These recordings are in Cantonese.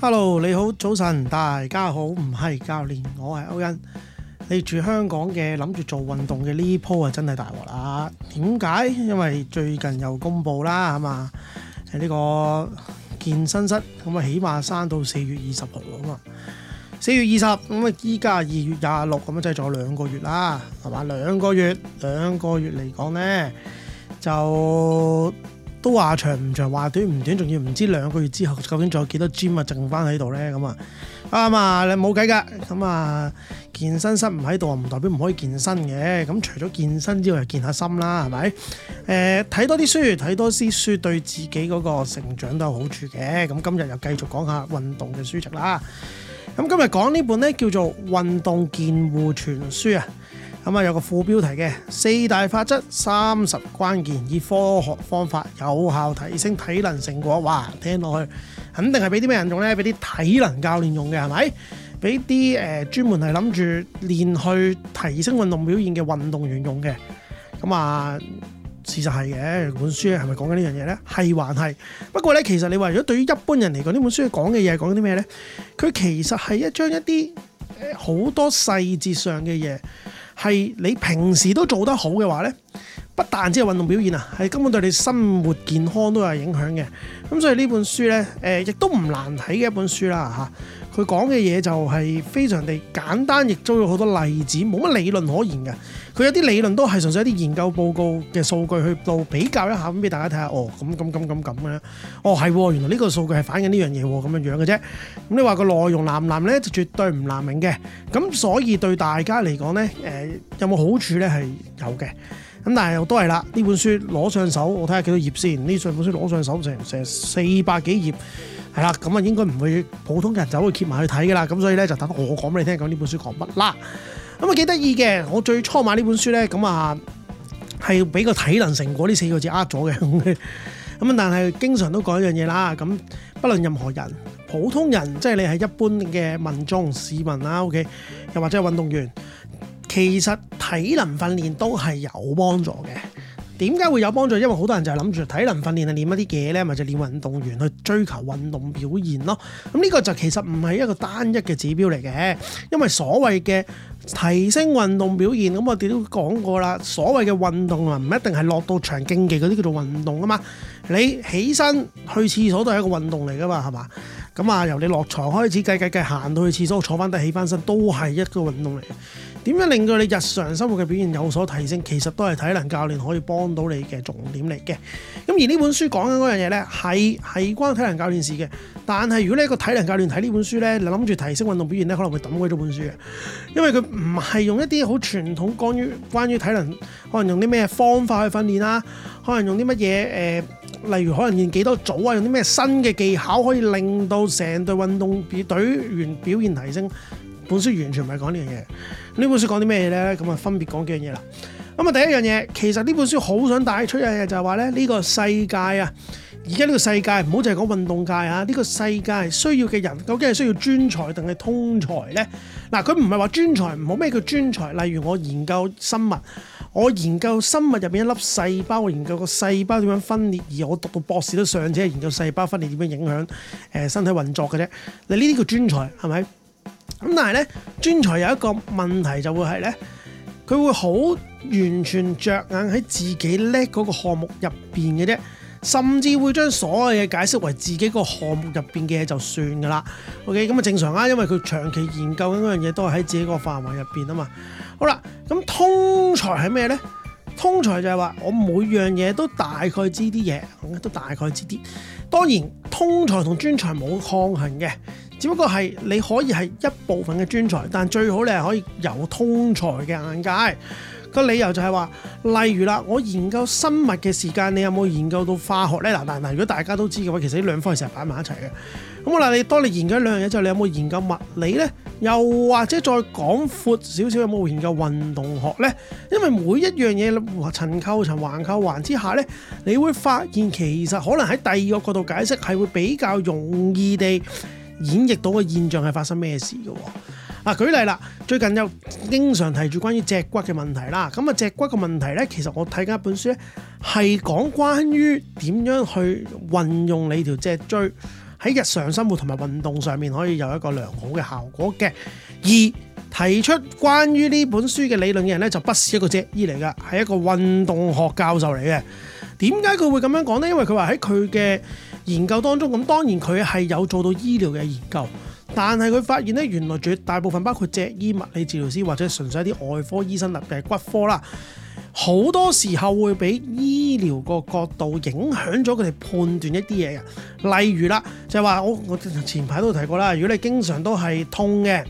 Hello，你好，早晨，大家好，唔係教練，我係歐恩。你住香港嘅，諗住做運動嘅呢鋪啊，真係大鑊啦！點解？因為最近又公布啦，係嘛，喺呢個健身室，咁啊起碼閂到四月二十號啊嘛。四月二十，咁啊依家二月廿六，咁啊即係仲有兩個月啦，係嘛？兩個月，兩個月嚟講呢，就。都話長唔長，話短唔短，仲要唔知兩個月之後究竟仲有幾多 gym 啊，剩翻喺度呢？咁啊，啱啊，你冇計噶，咁啊健身室唔喺度啊，唔代表唔可以健身嘅，咁、啊、除咗健身之外，又健下心啦，係咪？睇、啊、多啲書，睇多啲書，對自己嗰個成長都有好處嘅。咁、啊、今日又繼續講下運動嘅書籍啦。咁、啊、今日講呢本呢，叫做《運動健護全書》啊。咁、嗯、啊，有個副標題嘅四大法則三十關鍵，以科學方法有效提升體能成果。哇，聽落去肯定係俾啲咩人用呢？俾啲體能教練用嘅係咪？俾啲誒專門係諗住練去提升運動表現嘅運動員用嘅。咁、嗯、啊，事實係嘅，這本書係咪講緊呢樣嘢呢？係還係？不過呢，其實你話如果對於一般人嚟講，呢本書講嘅嘢係講啲咩呢？佢其實係一張一啲好多細節上嘅嘢。係你平時都做得好嘅話呢。不但只係運動表現啊，係根本對你生活健康都有影響嘅。咁所以呢本書呢，誒亦都唔難睇嘅一本書啦嚇。佢講嘅嘢就係非常地簡單，亦都有好多例子，冇乜理論可言嘅。佢有啲理論都係純粹一啲研究報告嘅數據去到比較一下，咁俾大家睇下，哦咁咁咁咁咁樣。哦係，原來呢個數據係反映呢樣嘢咁樣樣嘅啫。咁你話個內容難唔難咧？就絕對唔難明嘅。咁所以對大家嚟講呢，誒、呃、有冇好處呢？係有嘅。咁但係又都係啦，呢本書攞上手，我睇下幾多頁先。呢上本書攞上手成成四百幾頁，係啦，咁啊應該唔會普通人走去揭埋去睇嘅啦。咁所以咧就等我講俾你聽，講呢本書講乜啦。咁啊幾得意嘅，我最初買呢本書咧，咁啊係俾個體能成果呢四個字呃咗嘅。咁 但係經常都講一樣嘢啦。咁不論任何人，普通人即係你係一般嘅民眾市民啦。OK，又或者係運動員。其實體能訓練都係有幫助嘅。點解會有幫助？因為好多人就係諗住體能訓練係練一啲嘢咧，咪就練、是、運動員去追求運動表現咯。咁、嗯、呢、這個就其實唔係一個單一嘅指標嚟嘅。因為所謂嘅提升運動表現，咁、嗯、我哋都講過啦。所謂嘅運動啊，唔一定係落到場競技嗰啲叫做運動噶嘛。你起身去廁所都係一個運動嚟噶嘛，係嘛？咁、嗯、啊，由你落床開始，計計計行到去廁所，坐翻低，起翻身，都係一個運動嚟。點樣令到你日常生活嘅表現有所提升？其實都係體能教練可以幫到你嘅重點嚟嘅。咁而呢本書講緊嗰樣嘢呢，係係關體能教練事嘅。但係如果你個體能教練睇呢本書呢，你諗住提升運動表現呢，可能會抌鬼咗本書嘅，因為佢唔係用一啲好傳統關於關於體能，可能用啲咩方法去訓練啦，可能用啲乜嘢誒，例如可能練幾多組啊，用啲咩新嘅技巧可以令到成隊運動隊員表現提升。本書完全唔係講呢樣嘢，呢本書講啲咩嘢咧？咁啊，分別講幾樣嘢啦。咁啊，第一樣嘢其實呢本書好想帶出嘅嘢就係話咧，呢個世界啊，而家呢個世界唔好淨係講運動界啊，呢個世界需要嘅人究竟係需要專才定係通才咧？嗱，佢唔係話專才，唔好咩叫專才？例如我研究生物，我研究生物入邊一粒細胞，我研究個細胞點樣分裂，而我讀到博士都尚且係研究細胞分裂點樣影響誒身體運作嘅啫。你呢啲叫專才係咪？是不是？咁但係咧，專才有一個問題就係呢會係咧，佢會好完全着眼喺自己叻嗰個項目入邊嘅啫，甚至會將所有嘢解釋為自己個項目入邊嘅嘢就算噶啦。OK，咁啊正常啦、啊，因為佢長期研究緊嗰樣嘢都係喺自己個範圍入邊啊嘛。好啦，咁通才係咩咧？通才就係話我每樣嘢都大概知啲嘢，都大概知啲。當然，通才同專才冇抗衡嘅。只不過係你可以係一部分嘅專才，但最好你係可以有通才嘅眼界。個理由就係話，例如啦，我研究生物嘅時間，你有冇研究到化學呢？嗱嗱，如果大家都知嘅話，其實呢兩科係成日擺埋一齊嘅。咁我嗱，你當你研究兩樣嘢之後，你有冇研究物理呢？又或者再廣闊少少，有冇研究運動學呢？因為每一樣嘢層構循環構環之下呢，你會發現其實可能喺第二個角度解釋係會比較容易地。演繹到嘅現象係發生咩事嘅？嗱，舉例啦，最近又經常提住關於脊骨嘅問題啦。咁啊，脊骨嘅問題呢，其實我睇緊一本書呢，係講關於點樣去運用你條脊椎喺日常生活同埋運動上面可以有一個良好嘅效果嘅。而提出關於呢本書嘅理論嘅人呢，就不是一個脊醫嚟噶，係一個運動學教授嚟嘅。點解佢會咁樣講呢？因為佢話喺佢嘅研究當中咁，當然佢係有做到醫療嘅研究，但係佢發現呢，原來絕大部分包括脊醫、物理治療師或者純粹一啲外科醫生、特別係骨科啦，好多時候會俾醫療個角度影響咗佢哋判斷一啲嘢嘅。例如啦，就係話我我前排都提過啦，如果你經常都係痛嘅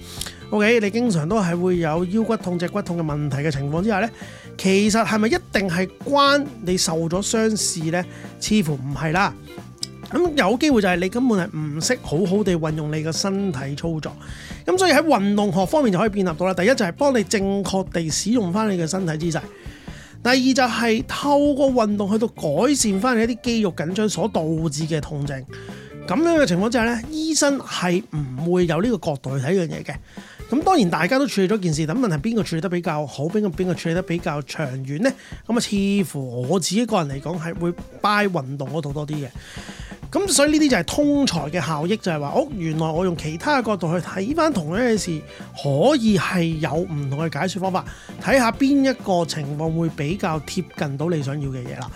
，OK，你經常都係會有腰骨痛、脊骨痛嘅問題嘅情況之下呢，其實係咪一定係關你受咗傷事呢？似乎唔係啦。咁有機會就係你根本係唔識好好地運用你個身體操作，咁所以喺運動學方面就可以辨納到啦。第一就係幫你正確地使用翻你嘅身體姿勢，第二就係透過運動去到改善翻你一啲肌肉緊張所導致嘅痛症。咁樣嘅情況之下呢，醫生係唔會有呢個角度去睇樣嘢嘅。咁當然大家都處理咗件事，咁問係邊個處理得比較好，邊個邊個處理得比較長遠呢？咁啊，似乎我自己個人嚟講係會 buy 運動嗰度多啲嘅。咁所以呢啲就係通才嘅效益，就係話哦，原來我用其他嘅角度去睇翻同一樣嘅事，可以係有唔同嘅解説方法，睇下邊一個情況會比較貼近到你想要嘅嘢啦。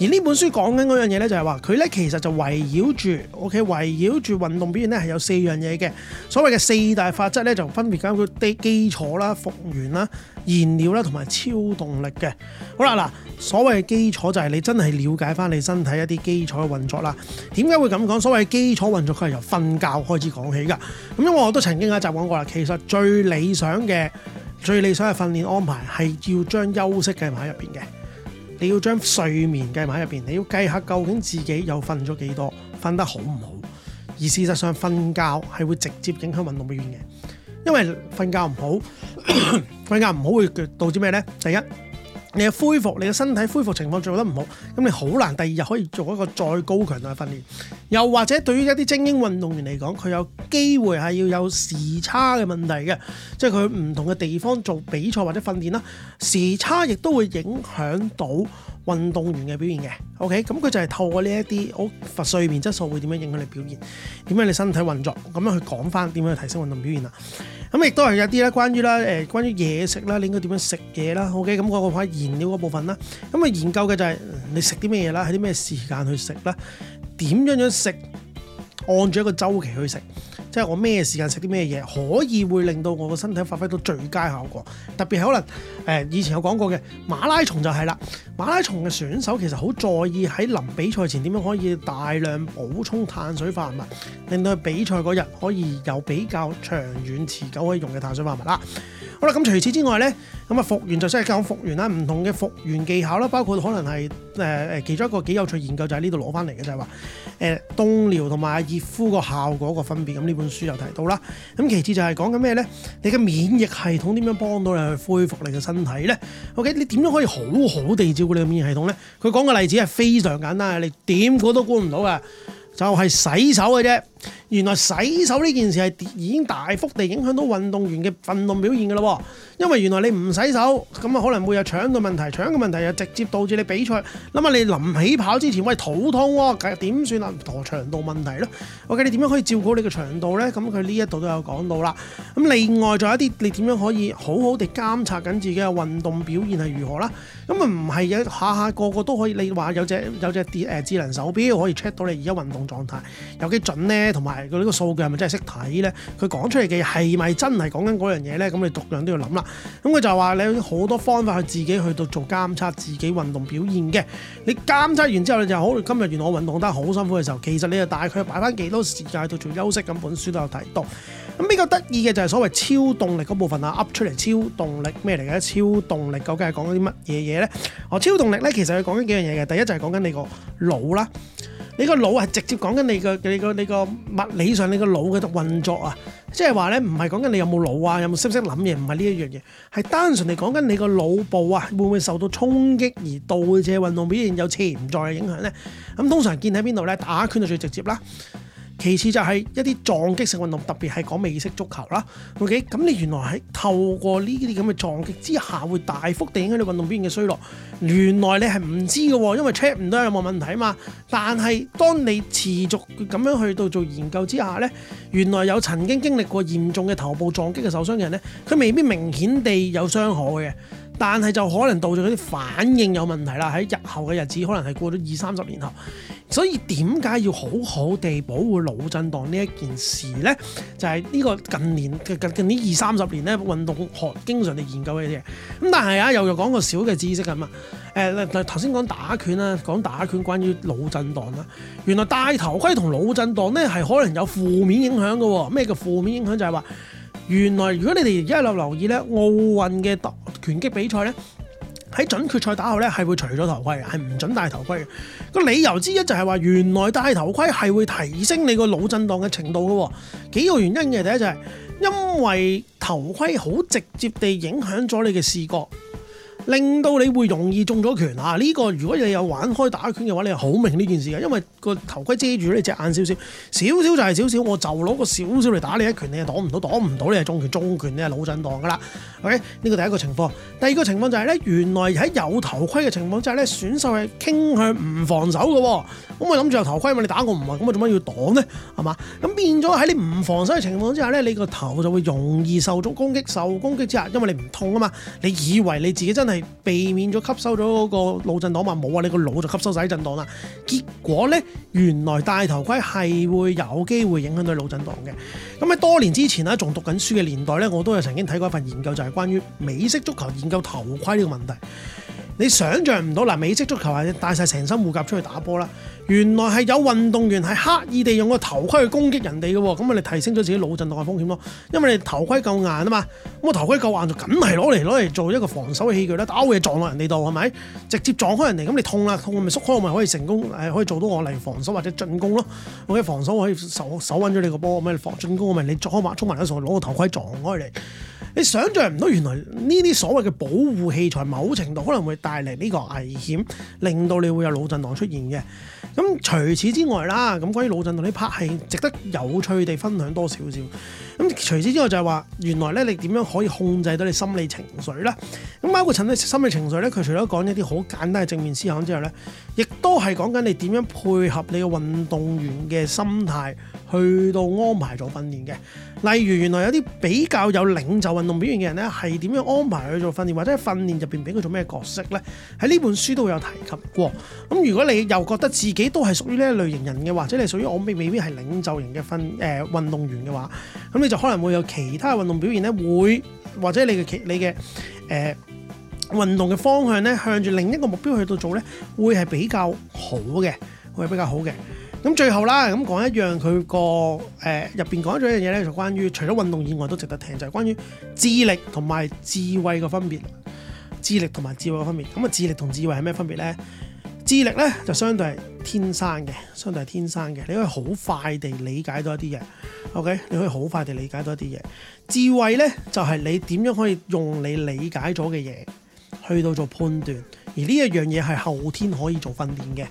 而呢本書講緊嗰樣嘢咧，就係話佢咧其實就圍繞住，OK，圍繞住運動表現咧係有四樣嘢嘅，所謂嘅四大法則咧就分別包括基基礎啦、復原啦、燃料啦同埋超動力嘅。好啦，嗱，所謂基礎就係你真係了解翻你身體一啲基礎嘅運作啦。點解會咁講？所謂基礎運作，佢係由瞓覺開始講起㗎。咁因為我都曾經一集講過啦，其實最理想嘅、最理想嘅訓練安排係要將休息計埋入邊嘅。你要將睡眠計埋喺入邊，你要計下究竟自己又瞓咗幾多，瞓得好唔好？而事實上，瞓覺係會直接影響運動表現嘅，因為瞓覺唔好，瞓覺唔好會導致咩呢？第一。你嘅恢復，你嘅身體恢復情況做得唔好，咁你好難第二日可以做一個再高強度嘅訓練。又或者對於一啲精英運動員嚟講，佢有機會係要有時差嘅問題嘅，即係佢唔同嘅地方做比賽或者訓練啦，時差亦都會影響到運動員嘅表現嘅。OK，咁佢就係透過呢一啲好睡眠質素會點樣影響你表現，點樣你身體運作，咁樣去講翻點樣去提升運動表現啦。咁亦都係有啲啦，關於啦誒，關於嘢食啦，你應該點樣食嘢啦？OK，咁我講下燃料嗰部分啦。咁啊，研究嘅就係你食啲咩嘢啦，喺啲咩時間去食啦，點樣樣食，按住一個周期去食。即係我咩時間食啲咩嘢，可以會令到我個身體發揮到最佳效果。特別係可能，誒、呃，以前有講過嘅馬拉松就係啦。馬拉松嘅選手其實好在意喺臨比賽前點樣可以大量補充碳水化合物，令到佢比賽嗰日可以有比較長遠持久可以用嘅碳水化合物啦。好啦，咁除此之外呢，咁啊，復原就真係講復原啦。唔同嘅復原技巧啦，包括可能係誒誒，其中一個幾有趣研究就喺呢度攞翻嚟嘅，就係話誒凍療同埋熱敷個效果個分別。咁呢本。書又提到啦，咁其次就係講緊咩呢？你嘅免疫系統點樣幫到你去恢復你嘅身體呢？OK，你點樣可以好好地照顧你嘅免疫系統呢？佢講嘅例子係非常簡單，你點估都估唔到嘅，就係洗手嘅啫。原來洗手呢件事係已經大幅地影響到運動員嘅運動表現嘅咯。因為原來你唔洗手，咁啊可能會有腸嘅問題，腸嘅問題又直接導致你比賽。諗下你臨起跑之前，喂肚痛喎、哦，點算啊？同腸道問題咯。我、okay，計你點樣可以照顧你嘅腸道呢？咁佢呢一度都有講到啦。咁另外仲有一啲你點樣可以好好地監察緊自己嘅運動表現係如何啦。咁啊唔係下下個個都可以，你話有隻有隻智能手錶可以 check 到你而家運動狀態有幾準呢？同埋佢呢個數據係咪真係識睇呢？佢講出嚟嘅係咪真係講緊嗰樣嘢呢？咁你逐樣都要諗啦。咁佢就話你有好多方法去自己去到做監測，自己運動表現嘅。你監測完之後，你就好。今日原來我運動得好辛苦嘅時候，其實你就大概擺翻幾多時間去做休息。咁本書都有提到。咁比較得意嘅就係所謂超動力嗰部分啊，噏出嚟超動力咩嚟嘅？超動力究竟係講緊啲乜嘢嘢咧？哦，超動力咧，其實佢講緊幾樣嘢嘅。第一就係講緊你個腦啦，你個腦係直接講緊你個你個你個物理上你個腦嘅運作啊。即係話咧，唔係講緊你有冇腦啊，有冇識唔識諗嘢，唔係呢一樣嘢，係單純嚟講緊你個腦部啊，會唔會受到衝擊而導致運動表現有潛在嘅影響咧？咁通常見喺邊度咧？打拳就最直接啦。其次就係一啲撞擊性運動，特別係講美式足球啦。OK，咁你原來係透過呢啲咁嘅撞擊之下，會大幅地影響你運動表現嘅衰落。原來你係唔知㗎喎，因為 check 唔到有冇問題啊嘛。但係當你持續咁樣去到做研究之下呢，原來有曾經經歷過嚴重嘅頭部撞擊嘅受傷人呢，佢未必明顯地有傷害嘅。但係就可能導致嗰啲反應有問題啦，喺日後嘅日子可能係過咗二三十年後，所以點解要好好地保護腦震盪呢一件事呢？就係、是、呢個近年近近呢二三十年咧運動學經常地研究嘅嘢。咁但係啊，又又講個小嘅知識咁啊。誒頭先講打拳啦，講打拳關於腦震盪啦，原來戴頭盔同腦震盪呢，係可能有負面影響嘅喎。咩叫負面影響？就係話。原來如果你哋而家有留意咧，奧運嘅拳擊比賽咧，喺準決賽打後咧，係會除咗頭盔，係唔准戴頭盔嘅。個理由之一就係話，原來戴頭盔係會提升你個腦震盪嘅程度嘅喎。幾個原因嘅，第一就係、是、因為頭盔好直接地影響咗你嘅視覺。令到你會容易中咗拳啊！呢、這個如果你有玩開打拳嘅話，你係好明呢件事嘅，因為個頭盔遮住你隻眼少少，少少就係少少。我就攞個少少嚟打你一拳，你係擋唔到，擋唔到你係中拳，中拳你係腦震盪噶啦。OK，呢個第一個情況。第二個情況就係、是、咧，原來喺有頭盔嘅情況之下咧，選手係傾向唔防守嘅。咁我諗住有頭盔嘛，你打我唔暈，咁我做乜要擋呢？係嘛？咁變咗喺你唔防守嘅情況之下咧，你個頭就會容易受足攻擊，受攻擊之下，因為你唔痛啊嘛，你以為你自己真係～避免咗吸收咗個腦震盪話，冇啊，你個腦就吸收晒震盪啦。結果呢，原來戴頭盔係會有機會影響到腦震盪嘅。咁喺多年之前啦，仲讀緊書嘅年代呢，我都有曾經睇過一份研究，就係關於美式足球研究頭盔呢個問題。你想像唔到嗱，美式足球係戴晒成身護甲出去打波啦，原來係有運動員係刻意地用個頭盔去攻擊人哋嘅喎，咁你提升咗自己腦震盪嘅風險咯，因為你頭盔夠硬啊嘛，咁個頭盔夠硬就梗係攞嚟攞嚟做一個防守嘅器具啦，打嘢撞落人哋度係咪？直接撞開人哋，咁你痛啦、啊、痛、啊，咪縮開咪可以成功可以做到我嚟防守或者進攻咯。我嘅防守可以守守穩咗你個波，咪防進攻我咪你左埋，衝埋一攞個頭盔撞開你。你想象唔到，原來呢啲所謂嘅保護器材，某程度可能會帶嚟呢個危險，令到你會有腦震盪出現嘅。咁除此之外啦，咁關於腦震盪呢 part 係值得有趣地分享多少少。咁除此之外就係話，原來咧你點樣可以控制到你心理情緒呢？咁包括陳嘅心理情緒咧，佢除咗講一啲好簡單嘅正面思考之外咧，亦都係講緊你點樣配合你嘅運動員嘅心態去到安排咗訓練嘅。例如原來有啲比較有領袖。運動表現嘅人咧，係點樣安排去做訓練，或者喺訓練入邊俾佢做咩角色咧？喺呢本書都有提及過。咁如果你又覺得自己都係屬於呢一類型人嘅，或者你屬於我未未必係領袖型嘅訓誒運動員嘅話，咁你就可能會有其他運動表現咧，會或者你嘅其你嘅誒運動嘅方向咧，向住另一個目標去到做咧，會係比較好嘅，會係比較好嘅。咁最後啦，咁講一樣佢個誒入邊講咗一樣嘢咧，就關於除咗運動以外都值得聽，就係關於智力同埋智慧個分別。智力同埋智慧個分別，咁啊智力同智慧係咩分別咧？智力咧就相對係天生嘅，相對係天生嘅，你可以好快地理解到一啲嘢。OK，你可以好快地理解到一啲嘢。智慧咧就係你點樣可以用你理解咗嘅嘢去到做判斷。而呢一樣嘢係後天可以做訓練嘅，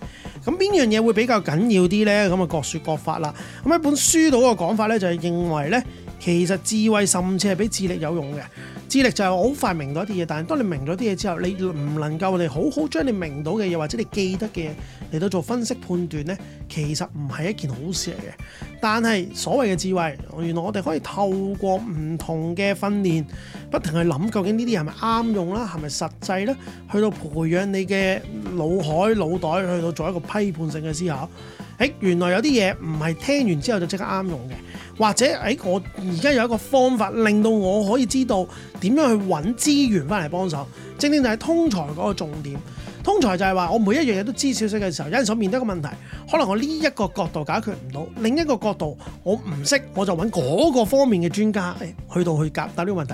咁邊樣嘢會比較緊要啲呢？咁啊各說各法啦。咁一本書到個講法咧，就係認為呢，其實智慧甚至係比智力有用嘅。智力就係好快明到一啲嘢，但係當你明咗啲嘢之後，你唔能夠嚟好好將你明到嘅嘢，或者你記得嘅。嚟到做分析判斷呢，其實唔係一件好事嚟嘅。但係所謂嘅智慧，原來我哋可以透過唔同嘅訓練，不停去諗究竟這些是是呢啲係咪啱用啦，係咪實際啦，去到培養你嘅腦海、腦袋，去到做一個批判性嘅思考。誒，原來有啲嘢唔係聽完之後就即刻啱用嘅，或者誒，我而家有一個方法，令到我可以知道點樣去揾資源翻嚟幫手。正正就係通才嗰個重點。通才就係話，我每一樣嘢都知少少嘅時候，有陣時面對一個問題，可能我呢一個角度解決唔到，另一個角度我唔識，我就揾嗰個方面嘅專家去到去答答呢個問題。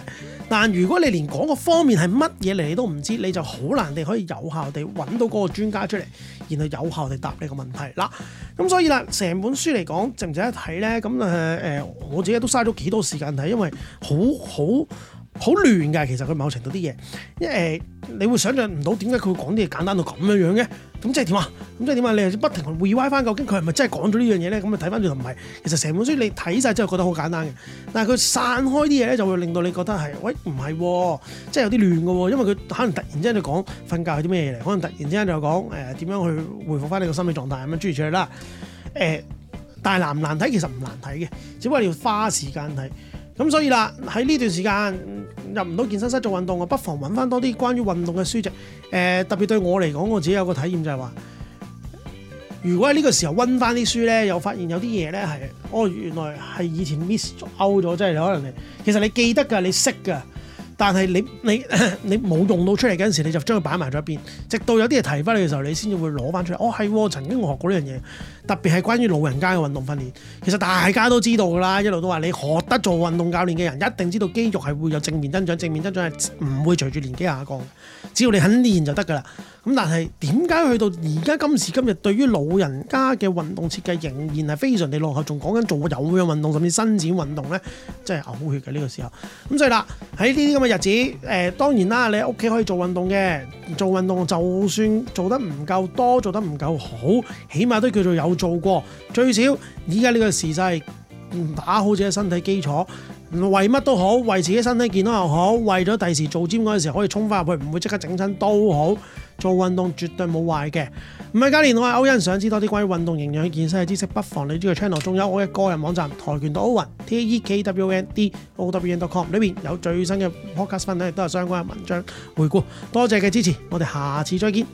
但如果你連嗰個方面係乜嘢嚟，你都唔知道，你就好難地可以有效地揾到嗰個專家出嚟，然後有效地答你個問題啦。咁所以啦，成本書嚟講值唔值得睇呢？咁誒、呃、我自己都嘥咗幾多時間睇，因為好好。很好亂㗎，其實佢某程度啲嘢，因為，你會想像唔到點解佢會講啲嘢簡單到咁樣樣嘅，咁即係點啊？咁即係點啊？你不停會歪翻究竟佢係咪真係講咗呢樣嘢咧？咁啊，睇翻轉頭唔係，其實成本書你睇晒之後覺得好簡單嘅，但係佢散開啲嘢咧就會令到你覺得係，喂，唔係、哦，即係有啲亂㗎，因為佢可能突然之間就講瞓覺係啲咩嚟，可能突然之間就講誒點樣去回復翻你個心理狀態咁樣，諸如此類啦，誒，但係難唔難睇？其實唔難睇嘅，只不過你要花時間睇。咁所以啦，喺呢段時間入唔到健身室做運動啊，不妨揾翻多啲關於運動嘅書籍。誒、呃，特別對我嚟講，我自己有個體驗就係話，如果喺呢個時候溫翻啲書咧，又發現有啲嘢咧係，哦，原來係以前 miss 勾咗，即係可能其實你記得㗎，你識㗎。但係你你你冇用到出嚟嗰陣時，你就將佢擺埋咗一邊，直到有啲嘢提翻你嘅時候，你先至會攞翻出嚟。哦，係曾經我學過呢樣嘢，特別係關於老人家嘅運動訓練。其實大家都知道㗎啦，一路都話你學得做運動教練嘅人，一定知道肌肉係會有正面增長，正面增長係唔會隨住年紀下降。只要你肯練就得㗎啦。咁但係點解去到而家今時今日，對於老人家嘅運動設計仍然係非常地落後，仲講緊做有氧運動，甚至伸展運動呢，真係嘔血嘅呢個時候。咁所以啦，喺呢啲咁嘅日子，誒、呃、當然啦，你屋企可以做運動嘅，做運動就算做得唔夠多，做得唔夠好，起碼都叫做有做過。最少依家呢個時勢唔打好自己的身體基礎，為乜都好，為自己身體健康又好，為咗第時做尖嗰陣時可以衝翻入去，唔會即刻整親都好。做運動絕對冇壞嘅，唔係教練，我係歐文。想知多啲關於運動營養嘅健身嘅知識，不妨你呢個 channel。仲有我嘅個人網站跆拳道歐文 T A E K W O N D O W E N dot com，裏邊有最新嘅 podcast 分享，亦都有相關嘅文章回顧。多謝嘅支持，我哋下次再見。